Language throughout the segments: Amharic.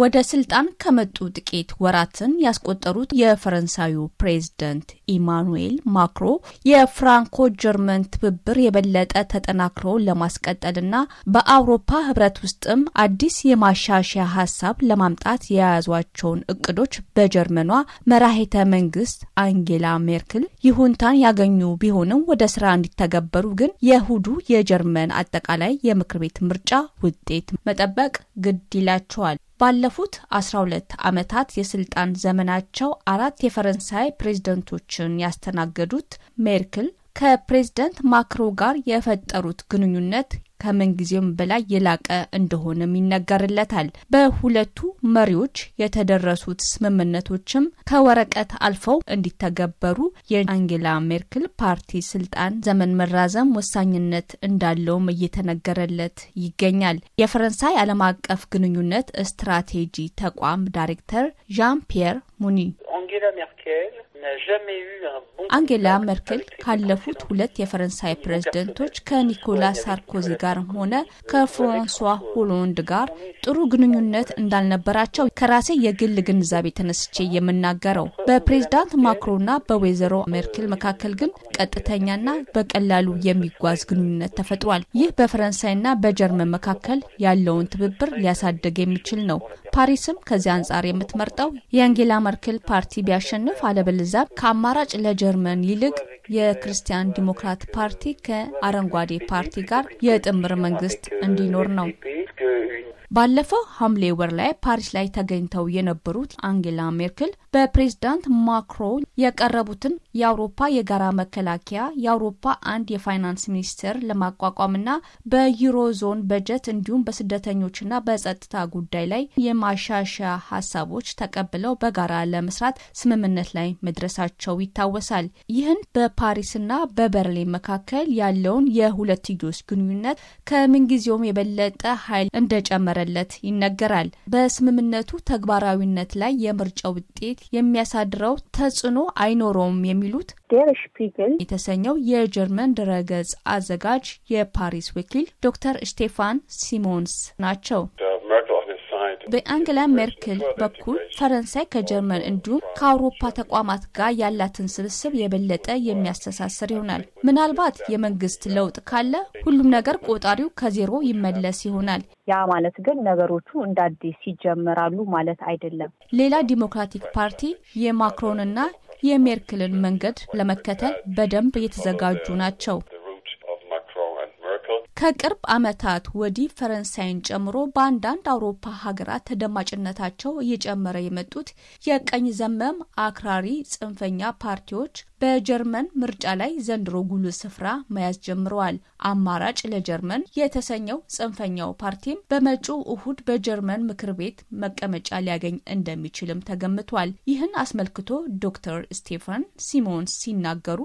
ወደ ስልጣን ከመጡ ጥቂት ወራትን ያስቆጠሩት የፈረንሳዩ ፕሬዝደንት ኢማኑኤል ማክሮ የፍራንኮ ጀርመን ትብብር የበለጠ ተጠናክሮ ለማስቀጠልና በአውሮፓ ሕብረት ውስጥም አዲስ የማሻሻያ ሀሳብ ለማምጣት የያዟቸውን እቅዶች በጀርመኗ መራሄተ መንግስት አንጌላ ሜርክል ይሁንታን ያገኙ ቢሆንም ወደ ስራ እንዲተገበሩ ግን የእሁዱ የጀርመን አጠቃላይ የምክር ቤት ምርጫ ውጤት መጠበቅ ግድ ይላቸዋል። ባለፉት 12 ዓመታት የስልጣን ዘመናቸው አራት የፈረንሳይ ፕሬዝደንቶችን ያስተናገዱት ሜርክል ከፕሬዝደንት ማክሮ ጋር የፈጠሩት ግንኙነት ከምንጊዜውም በላይ የላቀ እንደሆነም ይነገርለታል። በሁለቱ መሪዎች የተደረሱት ስምምነቶችም ከወረቀት አልፈው እንዲተገበሩ የአንጌላ ሜርክል ፓርቲ ስልጣን ዘመን መራዘም ወሳኝነት እንዳለውም እየተነገረለት ይገኛል። የፈረንሳይ ዓለም አቀፍ ግንኙነት ስትራቴጂ ተቋም ዳይሬክተር ዣን ፒየር ሙኒ አንጌላ መርክል ካለፉት ሁለት የፈረንሳይ ፕሬዝደንቶች ከኒኮላ ሳርኮዚ ጋርም ሆነ ከፍራንሷ ሆሎንድ ጋር ጥሩ ግንኙነት እንዳልነበራቸው ከራሴ የግል ግንዛቤ ተነስቼ የምናገረው፣ በፕሬዝዳንት ማክሮና በወይዘሮ ሜርክል መካከል ግን ቀጥተኛና በቀላሉ የሚጓዝ ግንኙነት ተፈጥሯል። ይህ በፈረንሳይና በጀርመን መካከል ያለውን ትብብር ሊያሳድግ የሚችል ነው። ፓሪስም ከዚህ አንጻር የምትመርጠው የአንጌላ መርክል ፓርቲ ቢያሸንፍ፣ አለበለዚያም ከአማራጭ ለጀርመን ይልቅ የክርስቲያን ዲሞክራት ፓርቲ ከአረንጓዴ ፓርቲ ጋር የጥምር መንግስት እንዲኖር ነው። ባለፈው ሐምሌ ወር ላይ ፓሪስ ላይ ተገኝተው የነበሩት አንጌላ ሜርክል በፕሬዝዳንት ማክሮን የቀረቡትን የአውሮፓ የጋራ መከላከያ የአውሮፓ አንድ የፋይናንስ ሚኒስቴር ለማቋቋምና በዩሮዞን በጀት እንዲሁም በስደተኞችና በጸጥታ ጉዳይ ላይ የማሻሻያ ሀሳቦች ተቀብለው በጋራ ለመስራት ስምምነት ላይ መድረሳቸው ይታወሳል። ይህን በፓሪስና በበርሊን መካከል ያለውን የሁለትዮሽ ግንኙነት ከምንጊዜውም የበለጠ ኃይል እንደጨመረ እንደተፈጠረለት ይነገራል። በስምምነቱ ተግባራዊነት ላይ የምርጫ ውጤት የሚያሳድረው ተጽዕኖ አይኖረውም የሚሉት የተሰኘው የጀርመን ድረገጽ አዘጋጅ የፓሪስ ወኪል ዶክተር ስቴፋን ሲሞንስ ናቸው። በአንግላ ሜርክል በኩል ፈረንሳይ ከጀርመን እንዲሁም ከአውሮፓ ተቋማት ጋር ያላትን ስብስብ የበለጠ የሚያስተሳስር ይሆናል። ምናልባት የመንግስት ለውጥ ካለ ሁሉም ነገር ቆጣሪው ከዜሮ ይመለስ ይሆናል። ያ ማለት ግን ነገሮቹ እንደ አዲስ ይጀምራሉ ማለት አይደለም። ሌላ ዲሞክራቲክ ፓርቲ የማክሮንና የሜርክልን መንገድ ለመከተል በደንብ የተዘጋጁ ናቸው። ከቅርብ ዓመታት ወዲህ ፈረንሳይን ጨምሮ በአንዳንድ አውሮፓ ሀገራት ተደማጭነታቸው እየጨመረ የመጡት የቀኝ ዘመም አክራሪ ጽንፈኛ ፓርቲዎች በጀርመን ምርጫ ላይ ዘንድሮ ጉልህ ስፍራ መያዝ ጀምረዋል። አማራጭ ለጀርመን የተሰኘው ጽንፈኛው ፓርቲም በመጪው እሁድ በጀርመን ምክር ቤት መቀመጫ ሊያገኝ እንደሚችልም ተገምቷል። ይህን አስመልክቶ ዶክተር ስቴፋን ሲሞን ሲናገሩ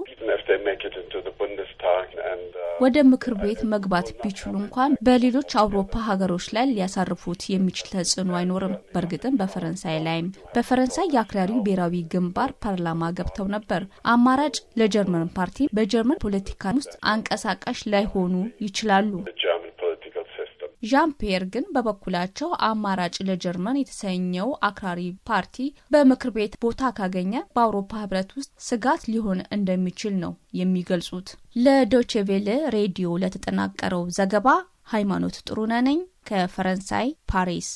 ወደ ምክር ቤት መግባት ቢችሉ እንኳን በሌሎች አውሮፓ ሀገሮች ላይ ሊያሳርፉት የሚችል ተጽዕኖ አይኖርም። በእርግጥም በፈረንሳይ ላይም በፈረንሳይ የአክራሪው ብሔራዊ ግንባር ፓርላማ ገብተው ነበር። አማራጭ ለጀርመን ፓርቲ በጀርመን ፖለቲካ ውስጥ አንቀሳቃሽ ላይሆኑ ይችላሉ። ዣን ፒየር ግን በበኩላቸው አማራጭ ለጀርመን የተሰኘው አክራሪ ፓርቲ በምክር ቤት ቦታ ካገኘ በአውሮፓ ህብረት ውስጥ ስጋት ሊሆን እንደሚችል ነው የሚገልጹት። ለዶቼቬሌ ሬዲዮ ለተጠናቀረው ዘገባ ሃይማኖት ጥሩነህ ነኝ ከፈረንሳይ ፓሪስ።